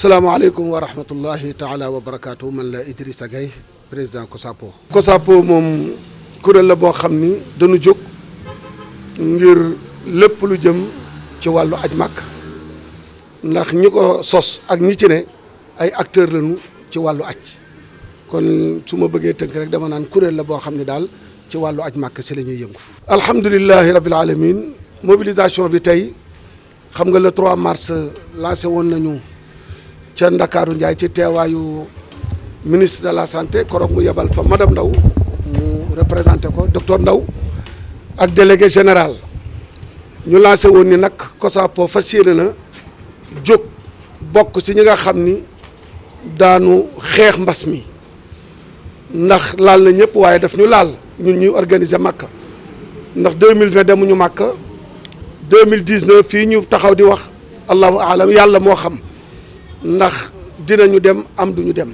salaamaaleykum wa rahmatullahi taala wa barakaatu man la Idrissa Gueye président COSAPO. COSAPO moom kuréel la boo xam ni dañu jóg ngir lépp lu jëm ci wàllu aj màkk ndax ñi ko sos ak ñi ci ne ay acteurs lañu ci wàllu aj kon su ma bëggee tënk rek dama naan kuréel la boo xam ne daal ci wàllu aj màkk si la ñuy yëngu. alhamdulilahi rabil alamin mobilisation bi tey xam nga le 3 mars lancé woon nañu. ca Ndakaaru Ndiaye ci teewaayu ministre de la santé koroog mu yebal fa madame Ndaw mu représenté ko docteur Ndaw ak délégué général ñu lancé woon ni nag COSAPO fas yéene na jóg bokk ci ñi nga xam ni daanu xeex mbas mi ndax laal na ñëpp waaye daf ñu laal ñun ñuy organiser màkka ndax deux mille vingt demuñu màkka deux mille dix neuf fii ñu taxaw di wax allahu alam yàlla moo xam. ndax dinañu dem am duñu dem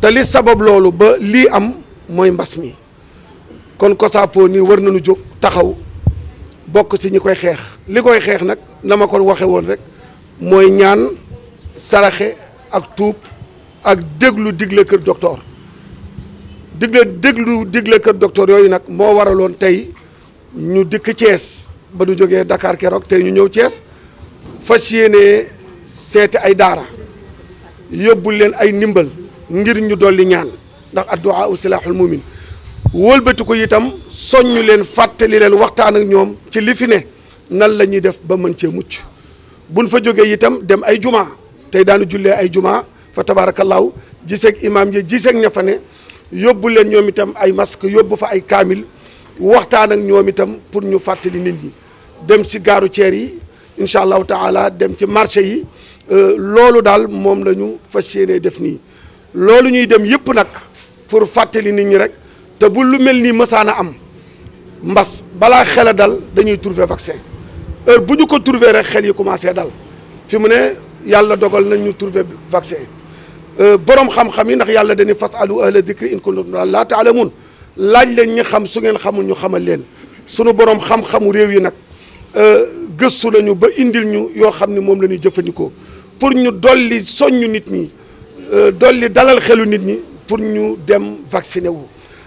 te li sabab loolu ba lii am mooy mbas mi kon COSAPO nii war nañu jóg taxaw bokk ci ñi koy xeex li koy xeex nag na ma ko waxe woon rek mooy ñaan saraxe ak tuub ak déglu digle kër docteur digle déglu digle kër docteur yooyu nag moo waraloon tey ñu dikk Thiès ba du jógee dakaar keroog tey ñu ñëw Thiès fas yéenee seeti ay daara yóbbu leen ay ndimbal ngir ñu dolli ñaan ndax addu'a u silaaxul mumin wëlbati ko itam soññu leen fàttali leen waxtaan ak ñoom ci li fi ne nan la ñuy def ba mën cee mucc bu buñ fa jógee itam dem ay juma tey daanu jullee ay juma fa tabaarakallaahu giseeg imaam yi giseeg ña fa ne yóbbu leen ñoom itam ay masque yóbbu fa ay kaamil waxtaan ak ñoom itam pour ñu fàttali nit ñi dem ci gaaru ceer yi incha allahu taala dem ci marché yi Euh, loolu daal moom la ñu fas def nii loolu ñuy dem yëpp nag pour fàttali nit ñi rek te bu lu mel nii mësaan a am mbas balaa xel a dal dañuy trouver vaccin heure bu ñu ko trouver rek xel yi commencé dal fi mu ne yàlla dogal nañ ñu trouver vaccin euh, borom xam-xam yi ndax yàlla dañuy fas alu ahla dikri in kuntum laa taalamun laaj leen ñi xam su ngeen xamul ñu xamal leen sunu borom xam-xamu réew yi nag euh, gëstu nañu ba indil ñu yoo xam ne moom la ñuy jëfandikoo. pour ñu dolli soññu nit ñi euh, dolli dalal xelu nit ñi pour ñu dem vacciné wu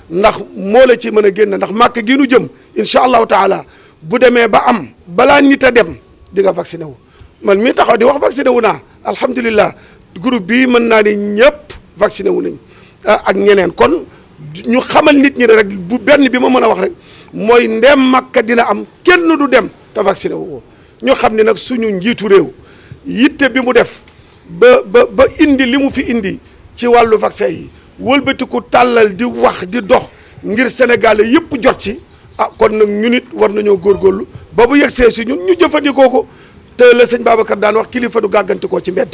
ndax moo la ci mën a génn ndax màkk gi jëm jëm incha allahu taala bu demee ba am balaa nit a dem di nga vacciné wu man mii taxaw di wax vacciné wu naa alhamdulilah groupe bii mën naa ne ñëpp vacciné wu nañ ah, ak ñeneen kon ñu xamal nit ñi rek bu benn bi ma mën a wax rek mooy ndem màkka dina am kenn du dem te vacciné wu ko ñu xam ne nag suñu njiitu réew. yitte bi mu def ba ba ba indi li mu fi indi ci wàllu vaccin yi wëlbatiku tàllal di wax di dox ngir sénégalais yëpp jot ci a ah, kon nag ñu nit war nañoo góor góorlu ba bu yegsee si ñun ñu jëfandikoo ko te la sëñ Babacar daan wax kilifa du gàggantikoo ci mbedd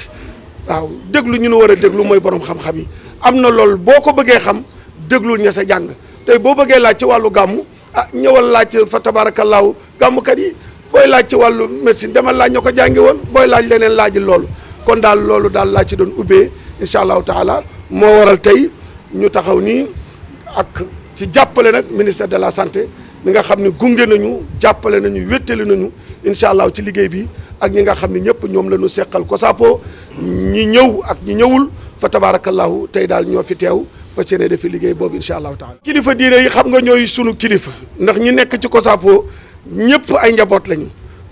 waaw déglu ñu nu war a déglu mooy borom xam-xam yi am na lool boo ko bëggee xam déglul ña sa jàng tey boo bëggee laaj ci wàllu gàmmu ah ñëwal laaj fa tabaarakallaahu gàmmukat yi booy laaj ci wàllu médecine demal laaj ñoo ko jàngi woon booy laaj leneen laajil loolu kon daal loolu daal laaj ci doon ubbee incha allahu taala moo waral tey ñu taxaw ni ak ci jàppale nag ministère de la santé mi nga xam ne gunge nañu jàppale nañu wéttali nañu incha allah ci liggéey bi ak ñi nga xam ne ñëpp ñoom la ñu seqal COSAPO ñi ñëw ak ñi ñëwul fa tabaarakallahu tey daal ñoo fi teew fa seen defi liggéey boobu incha allahu taala. kilifa diine yi ñooy sunu kilifa ndax ñi nekk ci COSAPO. ñëpp ay njaboot lañu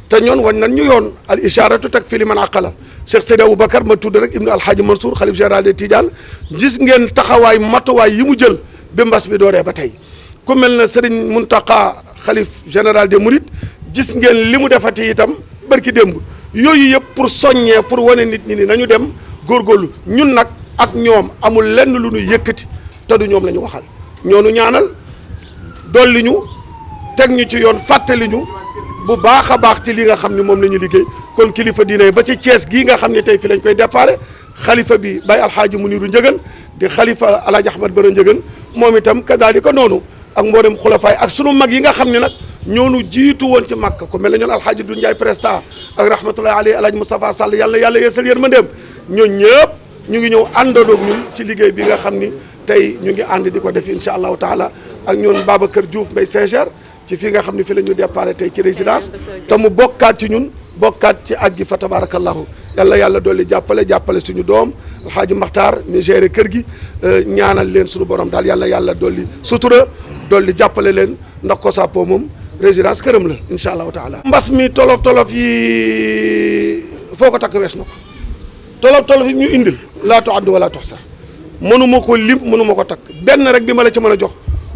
te ñoon wañ nan ñu yoon al isharatu tak fi li man aqala Cheikh Seydi Aboubacar ma tudd rek Ibnu Alhaaji Mansour xalif général des Tidiane gis ngeen taxawaay matuwaay yi mu jël bi mbas dooree ba tey ku mel na Serigne Mountakha xalif général des Mourides gis ngeen li mu defati itam barki démb yooyu yëpp pour soññee pour wane nit ñi ni nañu dem góorgóorlu ñun nag ak ñoom amul lenn lu ñu yëkkati te du ñoom lañu ñu ñoo ñoonu ñaanal dolli teg ñu ci yoon fàttali ñu bu baax a baax ci li nga xam ne moom la ñu liggéey kon kilifa diine ba ci Thiès gii nga xam ne tey fi lañ koy déparé xalifa bi bay alxaaji Muniru Njëgën di xalifa alaaji Ahmad Njëgën moom itam kadaalika noonu ak mboolem xulafaay ak sunu mag yi nga xam ne nag ñoonu jiitu woon ci màkk ko mel na ñoon alxaaji Doudou Ndiaye Presta ak rahmatullahi alayhi alaaji Moustapha Sall yàlla yàlla yeesal yërmandeem ñoo ñëpp ñu ngi ñëw àndandoog ci liggéey bi nga xam ni tey ñu ngi ànd di ko def incha allahu taala ak ñoon Babacar Diouf Mbaye Singère ci fi nga xam ne fi la ñu déparé tey ci résidence te mu bokkaat ci ñun bokkaat ci ak gi fa tabarakallahu yàlla yàlla dolli jàppale jàppale suñu doom alxaaji maxtaar mi géré kër gi euh, ñaanal leen suñu borom daal yàlla yàlla dolli sutura dolli jàppale leen ndax ko sàppoo moom résidence këram la incha allahu taala mbas mi tolof tolof yi foo ko takk wees na ko tolof tolof yi ñu indil laa tu addu wala tox sax mënuma ko lim mënuma ko takk benn rek bi ma la ci mën a jox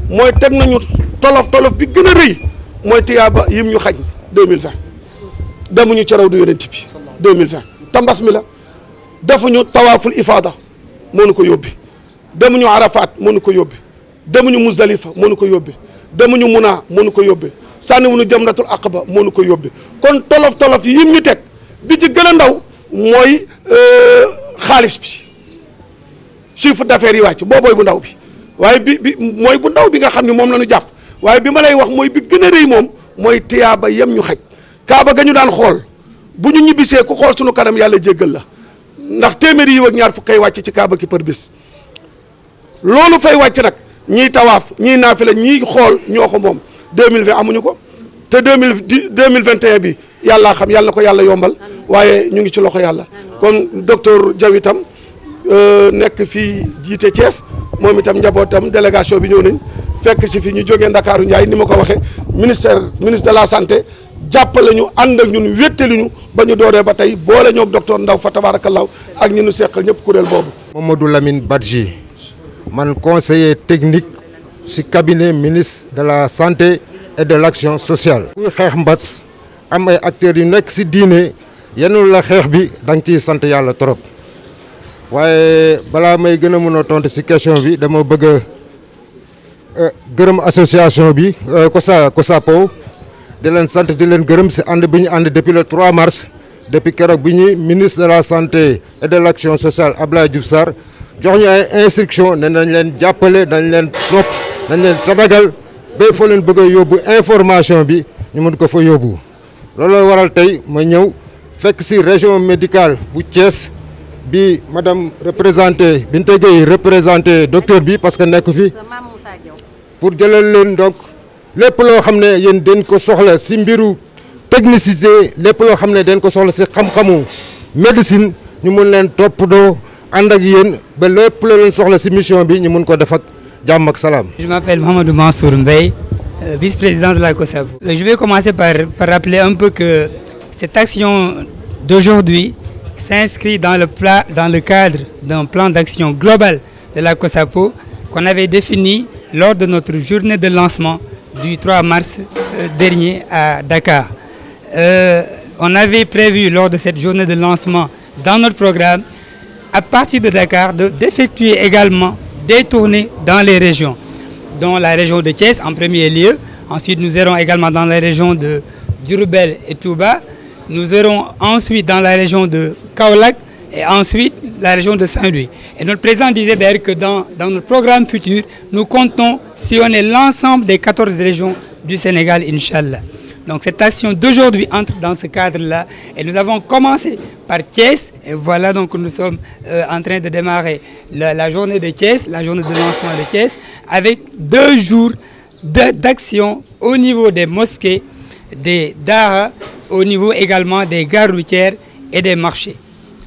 mooy teg nañu tolof tolof bi gën a rëy mooy tiyaaba yim ñu xaj 2020 demuñu ca raw du yonent bi 2020 te mbas mi la defuñu tawaaful ifaada moo nu ko yóbbi demuñu arafaat moo nu ko yóbbi demuñu musdalifa moo nu ko yóbbi demuñu munaa moo nu ko yóbbi sànniwuñu jamratul aqaba moo nu ko yóbbi kon tolof tolof yim ñu teg bi ci gën a ndaw mooy euh, xaalis bi chiffre d'affaires yi wàcc boobooy bu ndaw bi waaye bi bi mooy bu ndaw bi nga xam ne moom la ñu jàpp waaye bi ma lay wax mooy bi gën a rëy moom mooy tiyaaba yem ñu xaj kaaba ga ñu daan xool bu ñu ñibbisee ku xool suñu kanam yàlla jéggal la ndax téeméeri yi ak ñaar fukk kay wàcc ci kaaba ki par bés loolu fay wàcc nag ñiy tawaaf ñiy la ñiy xool ñoo ko moom 2020 amuñu ko te deux mille mille 2010 2021 bi yàllaa xam yàlla ko yàlla yombal waaye ñu ngi ci loxo yàlla kon docteur Diaw itam Euh, nekk fii jiite Thiès moom itam njabootam délégation bi ñëw nañ fekk si fi ñu jógee Ndakaaru Ndiaye ni ma ko waxee ministère ministre de la santé jàppale ñu ànd ak ñun wéttali ñu ba ñu dooree ba tey boole ñoog docteur Ndaw fa tabaarakallaaw ak ñi ñu seqal ñëpp kuréel boobu. Mamadou Lamine Badji man conseiller technique si cabinet ministre de la santé et de laction action sociale. kuy xeex mbas am ay acteurs yu nekk si diine yenul la xeex bi da nga ciy sant yàlla trop. waaye balaa may gën a mën a tontu si question bi dama bëgg euh, gërëm association bi COSA euh, COSAPO di leen sant di leen gërëm si ànd bi ñu ànd depuis le trois mars depuis keroog bi ñuy ministre de la santé et de l' sociale Abdoulaye Diouf Sarr jox ñu ay instruction ne nañ leen jàppale nañ leen topp nañ leen tabagal ba fa leen bëgg a yóbbu information bi ñu mën ko fa yóbbu loolu looloo waral tey ma ñëw fekk si région médical bu Thiès. bi madame représenté Binta Gueye représenté docteur bi parce que nekk fi pour jëlal leen donc lépp loo xam ne yéen dañ ko soxla si mbiru technicité lépp loo xam ne dañ ko soxla si xam-xamu médecine ñu mun leen toppatoo ànd ak yéen ba lépp loo soxla si mission bi ñu mun ko defak ak jàmm ak salaam. Je m'appelle Mohamed Mansour Mbaye, euh, vice-président de la COSABU. Euh, je vais commencer par, par rappeler un peu que cette action d'aujourd'hui s'inscrit dans le pla dans le cadre d'un plan d'action global de la COSAPO qu'on avait défini lors de notre journée de lancement du 3 mars euh, dernier à Dakar. Euh, on avait prévu lors de cette journée de lancement dans notre programme, à partir de Dakar, d'effectuer de, également des tournées dans les régions, dont la région de Thiès en premier lieu. Ensuite, nous également dans les région de Diourbel et Touba. Nous irons ensuite dans la région de Kaolack et ensuite la région de Saint-Louis. Et notre président disait d'ailleurs que dans, dans notre programme futur, nous comptons sillonner l'ensemble des 14 régions du Sénégal, Inch'Allah. Donc cette action d'aujourd'hui entre dans ce cadre-là. Et nous avons commencé par Thiès. Et voilà, donc nous sommes euh, en train de démarrer la, la journée de Thiès, la journée de lancement de Thiès, avec deux jours d'action de, au niveau des mosquées, des dara au niveau également des gares routières et des marchés.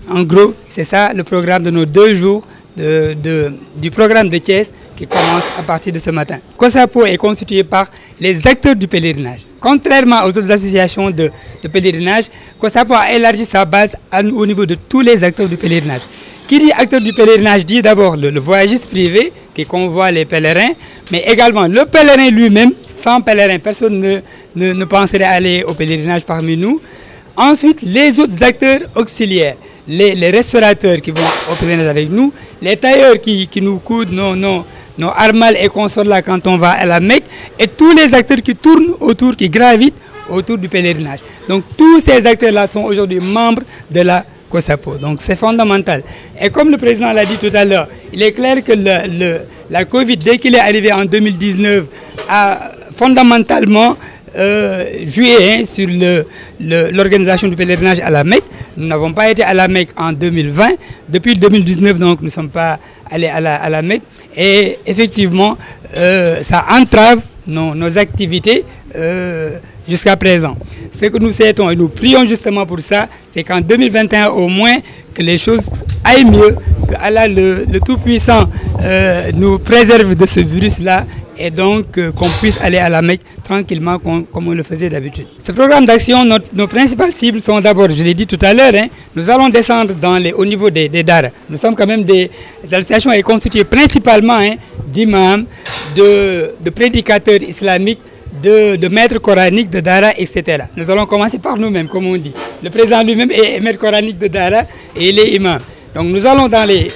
En gros, c'est ça le programme de nos deux jours de, de, du programme de Thiès qui commence à partir de ce matin. COSAPO est constitué par les acteurs du pèlerinage. Contrairement aux autres associations de, de pèlerinage, COSAPO a élargi sa base à, au niveau de tous les acteurs du pèlerinage. Qui dit acteur du pèlerinage dit d'abord le, le, voyagiste privé qui convoie les pèlerins, mais également le pèlerin lui-même. Sans pèlerin, personne ne, ne, ne penserait aller au pèlerinage parmi nous. Ensuite, les autres acteurs auxiliaires. Les, les, restaurateurs qui vont au pèlerinage avec nous, les tailleurs qui, qui nous coudent nos, nos, nos armales et consorts là quand on va à la Mecque, et tous les acteurs qui tournent autour, qui gravitent autour du pèlerinage. Donc tous ces acteurs-là sont aujourd'hui membres de la qu'au SAPO. Donc c'est fondamental. comme le président l'a dit tout à l'heure, il est clair que le, le, la Covid, dès qu'il est arrivé en 2019, a fondamentalement euh, sur l'organisation du pèlerinage à la Mecque. Nous n'avons pas été à la Mecque en 2020. Depuis 2019, donc, nous ne sommes pas allés à la, à la Mecque. Et effectivement, euh, nos, activités. Euh, jusqu'à présent. Ce que nous souhaitons et nous prions pour ça, c'est qu'en au moins, que les choses aillent mieux, que le, Tout-Puissant euh, nous préserve de ce virus-là et donc euh, qu'on puisse aller à la Mecque tranquillement com comme on le faisait d'habitude. Ce programme d'action, nos principales cibles sont d'abord, je l'ai dit tout à l'heure, nous allons descendre dans les, au niveau des, des Nous sommes quand même des, associations est constituée de, de prédicateurs islamiques de, de maîtres coraniques, de Dara, etc. Nous allons commencer par nous-mêmes, comme on dit. Le président lui-même est maître coranique de Dara et il est imam. Donc nous allons dans les,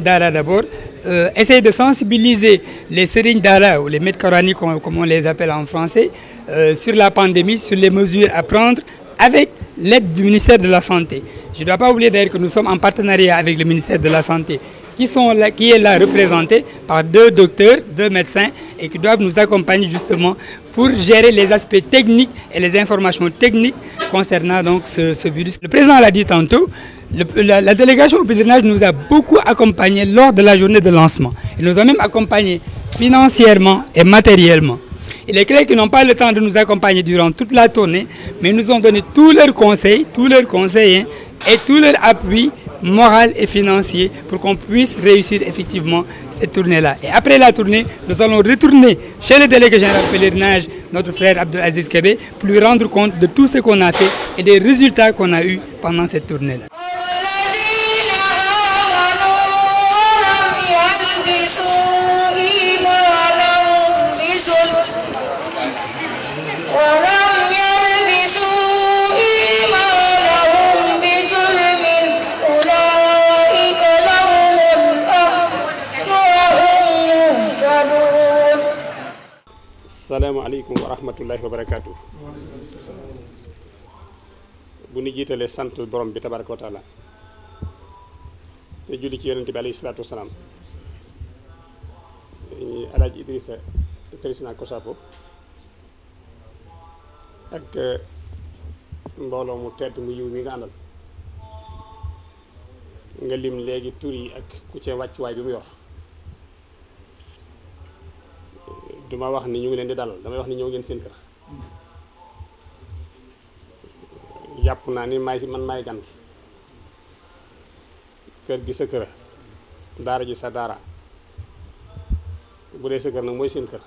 Dara d'abord, euh, essayer de sensibiliser les sérignes Dara, ou les maîtres coraniques, comme, on les appelle en français, euh, sur la pandémie, sur les mesures à prendre avec l'aide du ministère de la Santé. Je ne dois pas partenariat avec le ministère de la Santé qui, sont là, qui est là représenté par deux docteurs, deux médecins et qui doivent nous accompagner justement pour gérer les aspects techniques et les informations techniques concernant donc ce, ce virus. Le président l'a dit tantôt, la, la, délégation au pèlerinage nous a beaucoup accompagnés lors de la journée de lancement. Il nous a même financièrement et matériellement. Il est clair qu'ils n'ont pas le temps de nous accompagner durant toute la tournée, mais ils nous ont donné tous leurs conseils, tous leurs conseillers et tout leur appui moral et financier pour qu'on puisse réussir effectivement cette tournée Et après la tournée, nous allons retourner chez le délégué général pèlerinage, notre frère Abdelaziz Kébé, pour lui rendre compte de tout ce qu'on a fait et des résultats qu'on a eus pendant cette tournée-là. asalaamaaleykum wa rahmatullahi wa bu nu jiitalee sant borom bi tabaraka wa te julli ci yonente bi alayhi salaatu wasalaam alaaji kosapo ak mbooloo mu tedd mu yiw mi nga àndal nga lim léegi tur yi ak ku ci wàccuwaay bi mu yor duma wax ni ñu ngi leen di dalal damay wax ni ñëw ngeen seen kër jàpp naa ni maay man may gan gi kër gi sa kër daara ji sa daara bu dee sa kër nag mooy seen kër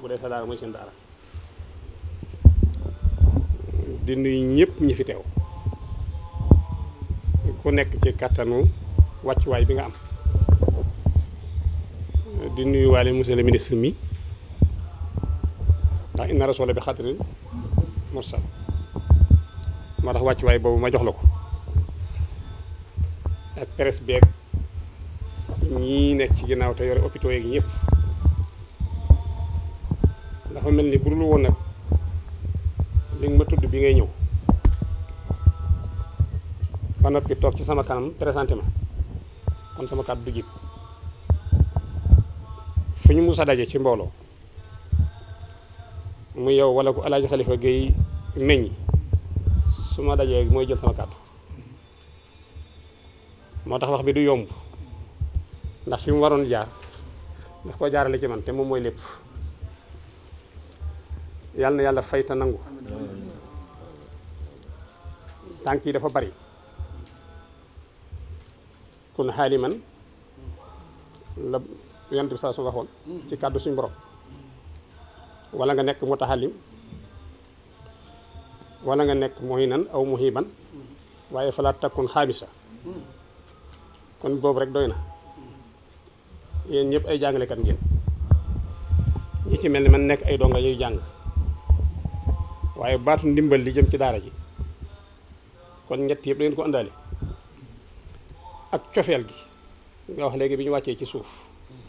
bu dee sa daara mooy seen daara di nuyu ñëpp ñi fi teew ku nekk ci kàttanu wàccuwaay bi nga am di nuyu waale monsieur le ministre mi ndax inna rasula bi xatirin mursal moo tax wàccuwaay boobu ma jox la ko ak presse beeg ñii nekk ci ginnaaw te yore hôpitaux yeeg ñëpp dafa mel ni bu dul woon nag li ma tudd bi ngay ñëw ba noppi toog ci sama kanam présenté ma kon sama kàddu du jib fu ñu mus a daje ci mbooloo mu yow wala ku alaaji xalifa géey meññ su ma dajee mooy jël sama kàddu moo tax wax bi du yomb ndax fi mu waroon jaar daf koo jaarale ci man te moom mooy lépp yàlla na yàlla fay te nangu tànk yi dafa bari kun xaaliman la yonent bi saa su waxoon ci kàddu suñ borom wala nga nekk moo mutahallim wala nga nekk nan aw muhiban waaye falaat takkun xaamisa kon boobu rek doy na yéen ñëpp ay jàngalekat ngeen ñi ci mel ni man nekk ay donga yuy jàng waaye baatu ndimbal li jëm ci daara ji kon ñett yëpp da ngeen ko àndaale ak cofeel gi nga wax léegi bi ñu wàccee ci suuf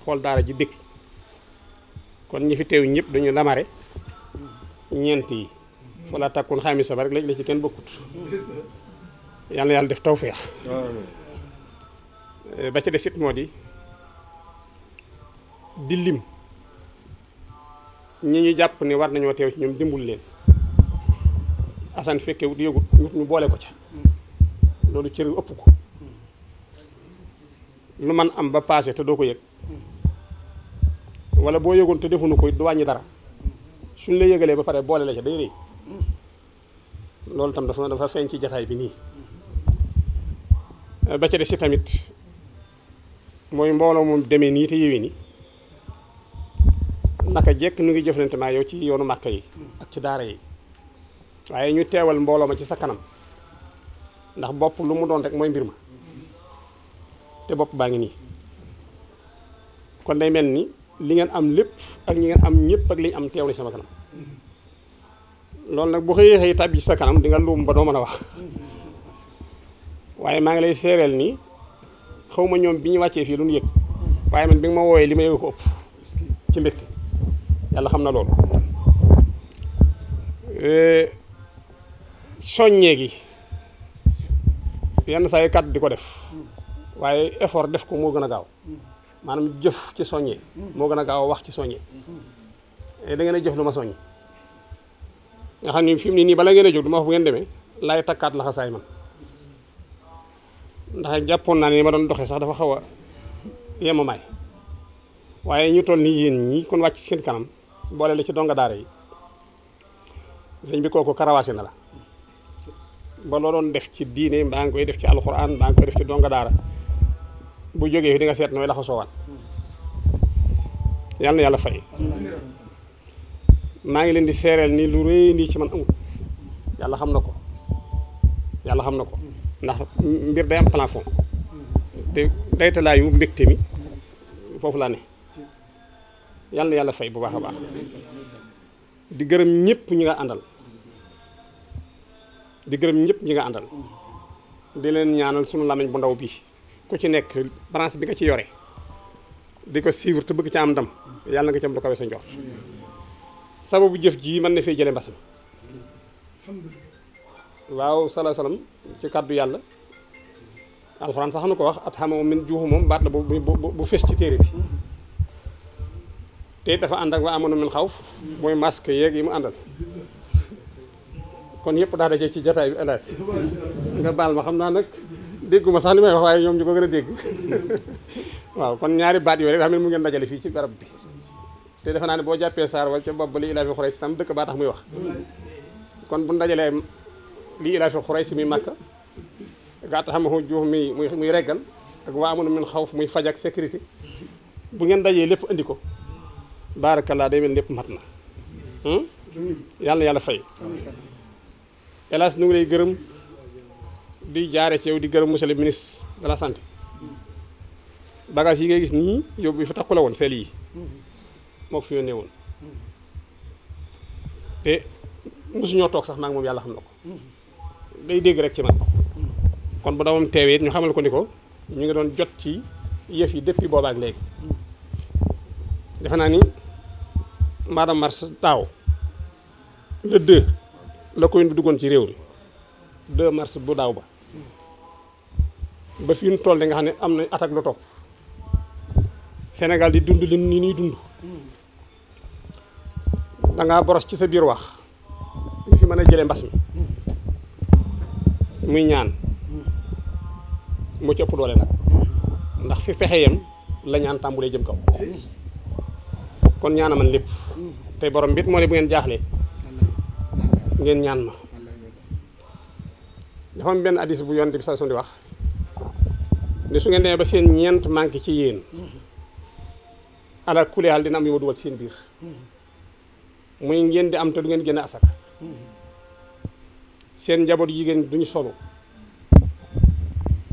xool daara ji dëkk kon ñi fi teew ñëpp dañu lamare ñeent yi mm-hmm. wala takkun xaamisa ba rek lañ la ci kenn bokkut yal na yàlla def tawféex eh, ba ci des it moo di di lim ñi ñu jàpp ni war nañoo teew ci ñoom dimbul leen asan fekke wut yëgut ñu boole ko ca mm-hmm. loolu cër yu ëpp ko mm-hmm. lu man am ba paase te doo ko yëg wala boo yëgoon te defuñu ko du wàññi dara suñ lay yëgalee ba pare boole la ca day rëy loolu tam dafa dafa feeñ ci jataay bi nii ba ca des si tamit mooy mbooloo moom demee nii te yéwee ni naka jekk nu ngi jëflante maa yow ci yoonu màkk yi ak ci daara yi waaye ñu teewal mbooloo ma ci sa kanam ndax bopp lu mu doon rek mooy mbir ma te bopp baa ngi nii kon day mel nii li ngeen am lépp ak ñi ngeen am ñëpp ak li ñu am teew na sama kanam loolu nag bu xëyee xëy tàbbi ci sa kanam di luum ba doo mën a wax waaye maa ngi lay seereel nii xaw ma ñoom bi ñu wàccee fii lu ñu yëg waaye man bi nga ma wooyee li ma yëg ko ëpp ci mbégte yàlla xam na loolu soññee gi yenn saa yi kàddu di ko def waaye effort def ko moo gën a gaaw maanaam jëf ci soññe moo gën a gaaw a wax ci soññe eh, da ngeen a jëf lu ma soññ nga xam ne fi mu ne nii bala ngeen a jóg du ma wax bu ngeen demee laay takkaat laxasaay man ndax jàppoon naa ne ma doon doxee sax dafa xawa a yemamaay waaye ñu toll nii yéen ñi kon wàcc seen kanam boole la ci donga daara yi sëñ bi kooku karawaase na la ba loo doon def ci diine mbaa nga koy def ci alxuraan mbaa nga koy def ci donga daara bu jógee fi di nga seet nooy laxa soowaat yàlla yàlla fay maa ngi leen di seereel nii lu rëy nii ci man amul yàlla xam na ko yàlla xam na ko ndax mbir day am plafond te daytalaayu mbégte mi foofu laa ne yàlla na yàlla fay bu baax a baax di gërëm ñépp ñu nga àndal di gërëm ñëpp ñi nga àndal di leen ñaanal sunu làmmiñ bu ndaw bii ku ci nekk branche bi nga ci yore di ko suivre te bëgg ci am ndam yàlla nga ci am ko kawe sa njort sababu jëf jii man na fee jële mbas mi waaw salaa salaam ci kàddu yàlla alxuraan sax nu ko wax at xamoo min juuxu moom baat la bu bu bu fes ci téere bi te dafa ànd ak waa amoon min xaw mooy masque yeeg yi mu àndal kon yëpp daa daje ci jataay bi alaas nga baal ma xam naa nag dégguma sax li may wax waaye ñoom ñu ko gën a dégg waaw kon ñaari baat yooyu rek xam ne mu ngeen dajale fii ci barab bi te defe naa ne boo jàppee saar wala ca bopp ba li ilaa fi xuray si tam dëkk baa tax muy wax kon bu dajalee li ilaa fi xuray si muy màkk gaata xam nga juuf muy muy muy reggal ak waa amoon min xawf muy faj ak sécurité bu ngeen dajee lépp andi ko laa day mel lépp mat na hmm? yàlla yàlla fay hélas nu ngi lay gërëm di jaare ci yow di gërëm monsieur le ministre de la santé bagage yi ngay gis nii yóbbu fa takku la woon seel yi moo ko fi yónnee woon te mosuñoo toog sax maa moom yàlla xam na ko day dégg rek ci man kon bu doomam teewee ñu xamal ko ni ko ñu ngi doon jot ci yëf yi depuis boobaak léegi defe naa ni madame mars daaw le 2 la commune bi duggoon ci réew mi 2 mars bu daaw ba ba fi ñu toll nga xam ne am na attaque lu topp Sénégal di dund li ni ñuy dund da boros ci sa biir wax fi mën a jële mbas mi muy ñaan mu ci ëpp doole nag ndax fi pexe yam la ñaan tàmbulee jëm kaw kon ñaana man lépp tey borom bit moo ne bu ngeen jaaxle ngeen ñaan ma dafa am benn addis bu yonent bi saa di wax ne su ngeen demee ba seen ñeent mànk ci yéen ala kuleal dina am yu ma dugal ci seen biir muy ngeen di am te du ngeen génne asaka seen njaboot yi ngeen duñu solo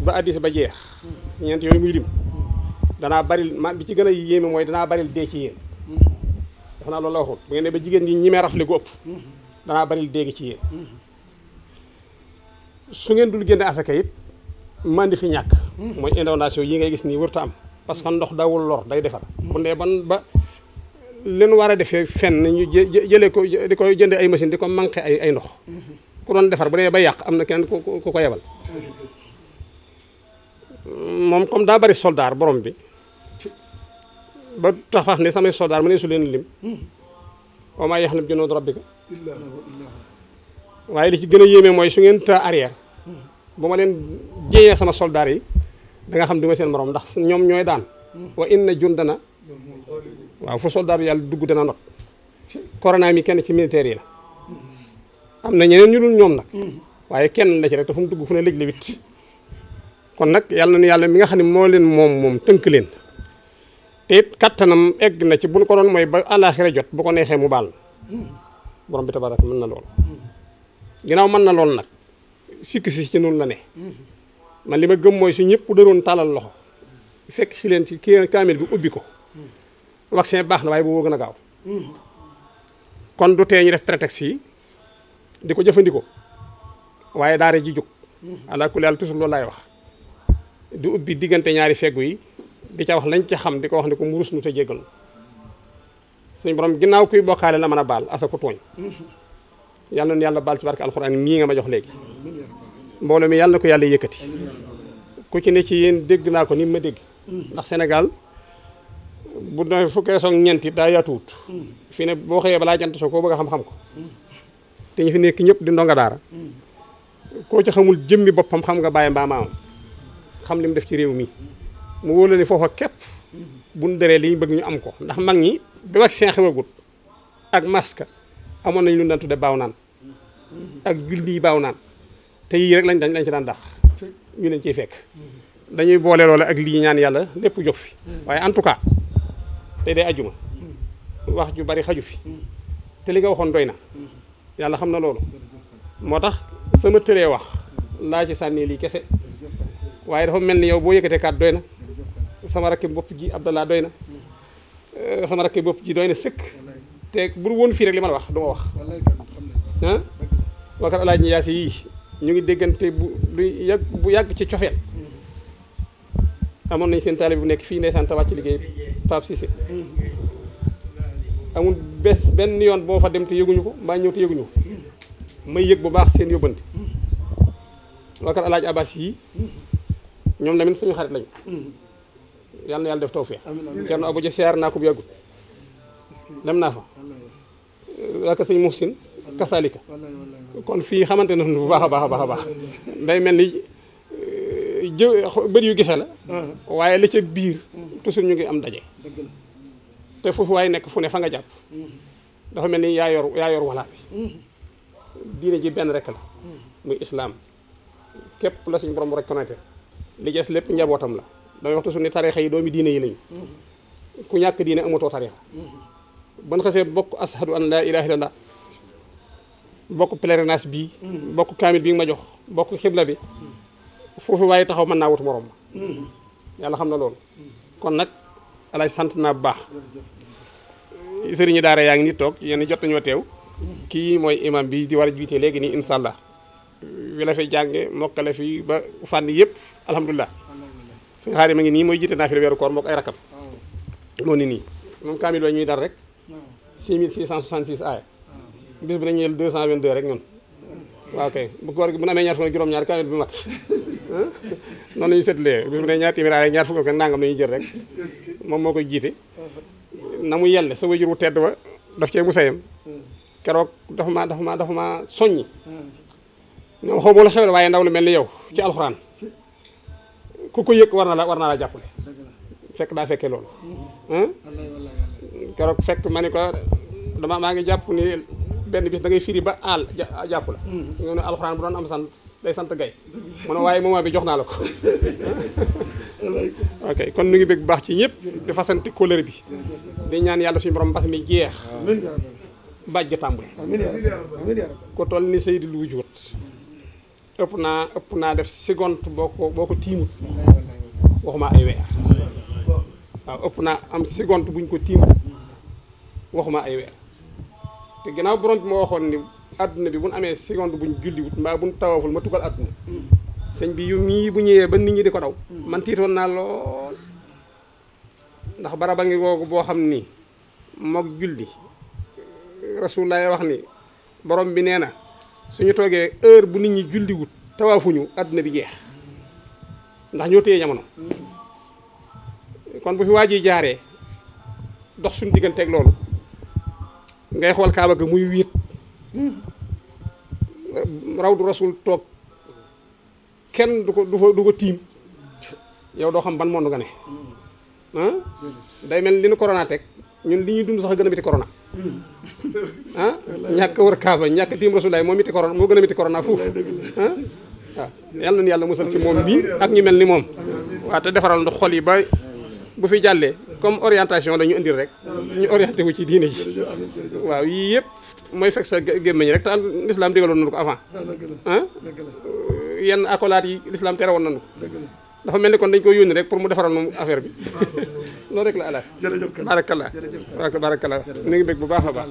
ba addis ba jeex ñeent yooyu muy lim danaa baril ma bi ci gën a yéeme mooy danaa bari dee ci yéen dafa naa loolu la waxoon bu ngeen ne ba jigéen ñi ñimee rafle gu ëpp danaa baril dee gi ci yéen su ngeen dul génne asaka it mandi fi ñàkk mooy inondation yi ngay gis nii wërta am parce que ndox dawul lor day defar mu ndee ban ba leen war a defee fenn ñu jële ko di ko jënde ay machine di ko manqué ay ay ndox ku doon defar bu dee ba yàq am na keneen ku ko yebal moom comme daa bari soldaar borom bi ba tax wax ne samay soldaar mu ne su leen lim wa maa yaxnab junuud rabbika waaye li ci gën a yéeme mooy su ngeen tra arrière bu ma leen jéeyee sama soldaar yi da xam du ma seen morom ndax ñoom ñooy daan wa inna jundana waaw fu soldaar bi yàlla dugg dana not corona mi kenn ci militaire yi la am na ñeneen ñu dul ñoom nag waaye kenn la ci rek te fu dugg fu ne léegi la kon nag yàlla na yàlla mi nga xam ne moo leen moom moom tënk leen te it kattanam egg na ci bu ñu ko doon mooy ba àllaaxira jot bu ko neexee mu baal borom bi mën na lool ginnaaw mën na lool nag sikk si ci noonu la ne man li ma gëm mooy su ñëpp daroon tàllal loxo fekk si leen ci kii kaamil bi ubbi ko seen baax na waaye boo gën a gaaw kon du tee ñu def prétexte yi di ko jëfandikoo waaye daara ji jóg alaa kulli haal toujours loolu laay wax di ubbi diggante ñaari feggu yi di ca wax lañ ca xam di ko wax ne ko mu rus nu te jéggal suñ borom ginnaaw kuy bokkaale na mën a baal asa ko tooñ yàlla na yàlla baal ci barke alxuraan mii nga ma jox léegi mbooloo mi yàlla ko yàlla yëkkati ku ci ne ci yéen dégg naa ko ni ma dégg ndax senegal bu na fukkee soog ñeenti daa yaatuwut fi ne boo xëyee balaa jant soo ko bëgg a xam-xam ko te ñu fi nekk ñëpp di ndonga daara koo ci xamul jëmmi boppam xam nga bàyyi mbaa maam xam li mu def ci réew mi mu wóolu ne foofa képp buñ deree bëgg ñu am ko ndax mag ñi bi vaccin xewagut ak masque amoon nañ lu ñu daan tudde baaw naan ak julli baaw naan te yii rek lañ dañ lañ ci daan dax ñu leen ciy fekk dañuy boole loola ak lii ñaan yàlla lépp jóg fi waaye en tout cas tey wax ju bari xaju fi te li nga waxoon doy na yàlla xam na loolu moo tax sama tëree wax laa ci sànni lii kese waaye dafa mel ni yow boo yëkkatee kaat doy na sama rakki bopp ji Abdallah doy na sama rakki bopp ji doy na sëkk te bu woon fii rek li ma wax du ma wax. ah wakat alaaj ñi yii ñu ngi déggante bu du yàgg bu yàgg ci cofeel mm-hmm. amoon nañ seen taalib bu nekk fii ndeysaan tawàcc liggéey Pape Cissé mm-hmm. amul bés benn yoon boo fa dem te yëguñu ko mbaa ñëw te mm-hmm. may yëg bu baax seen yóbbante wakat alaaj abbas yii ñoom tamit suñu xarit lañu yàlla na yàlla def tawfeex Cerno Abu Ja siyaar naa ko bu yàggul dem naa fa waaka sëñ Muhsin kasalika kon fii xamante na bu baax a baax baax a day mel ni eh, jë bëri yu gise la waaye la ca biir toujours ñu ngi am daje te foofu waaye nekk fu ne fa nga jàpp dafa mel ni yaa yor yaa yor bi diine ji benn rek la muy islaam képp la suñu borom reconnaître li des lépp njabootam la damay wax toujours ni tarixa yi doomi diine yi lañu ku ñàkk diine amatoo tarixa ban xasee bokk ashadu an laa ilaaha illallah bokk pèlerinage bii bokk kaamil bi nga ma jox bokk xibla bi foofu waaye taxaw man naa wut morom ma yàlla xam na loolu kon nag alay sant naa bu baax sëriñu daara yaa ngi ni toog yéen jot nañoo teew kii mooy imam bi di war a jiite léegi nii incha allah wi la fi jànge mokkale fi ba fànn yëpp alhamdulilah suñu xaari ma ngi nii mooy jiite naa fi weeru koor moo ko ay rakam moom kaamil ba ñuy dar rek 6666 aaya bis bi nañu jël 222 rek ñun waaw kay bu koor gi bu amee ñaar fukk juróom-ñaar kaamil bu mat noonu la ñu seetlee bis bu ne ñaar téeméer aaya ñaar fukk ak nangam la ñuy jël rek moom moo koy jiite na mu yelle sa wajur wu tedd wa daf cee musayam keroog dafa maa dafa maa dafa maa soññi ñoom xaw ma la xew waaye ndaw la mel ni yow ci alxuraan ku ko yëg war naa laa war naa la jàppale fekk daa fekkee loolu keroog fekk ma ne ko dama maa ngi jàpp ni benn bi dangay ngay firi ba aal jàpp la nga mm. ne alxuraan bu doon am sant day sant gay mu ne waaye moment bi jox naa la ko ok kon nu ngi bëgg bu baax ci ñëpp di fasante kóllëre bi di ñaan yàlla suñu borom mbas mi jeex bàjj ga tàmbali ku toll naa def seconde boo ko boo tiimut waxuma ay weer waaw ëpp naa am seconde buñ ko tiimut waxuma ay weer te ginnaaw borom bi moo waxoon ni àdduna bi bu ñu amee seconde buñ julliwut mbaa buñ tawaful ma tugal adduna sëñ bi yu mii bu ñëwee ba nit ñi di ko daw man tiitoon naa lool ndax baraba ngi googu boo xam ni moog julli rasulilaay wax ni borom bi nee na suñu toogee heure bu nit ñi julliwut tawaafuñu adduna bi jeex ndax ñoo téye jamono kon bu fi waa ji jaaree ndox suñu digganteeg loolu ngay xool kaaba ga muy wiit du rasul toog kenn du ko du ko du ko tiim yow doo xam ban monde nu ne day mel li nu corona teg ñun li ñuy dund sax gën a miti corona ñàkk wër kaaba ñàkk tiim rasulaay moo miti corona moo gën a miti corona foofu yàlla na yàlla musal ci moom mii ak ñu mel ni moom waaw te defaral ndox xol yi ba bu fi jàllee comme orientation lañu ñu indil rek ñu orienté wu ci diine ji waaw yii yëpp mooy fekk sa gémmiñ rek te l'islam digaloon nañu ko avant ah euh, yenn accolade yi l'islam tere woon nañu ko dafa mel ni kon dañ ko yónni rek pour mu defaral moom affaire bi loolu rek la alaaj barakallah barakallah ni ngi bég bu baax a baax